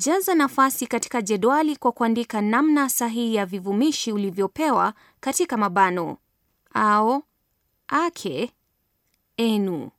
Jaza nafasi katika jedwali kwa kuandika namna sahihi ya vivumishi ulivyopewa katika mabano ao, ake, enu.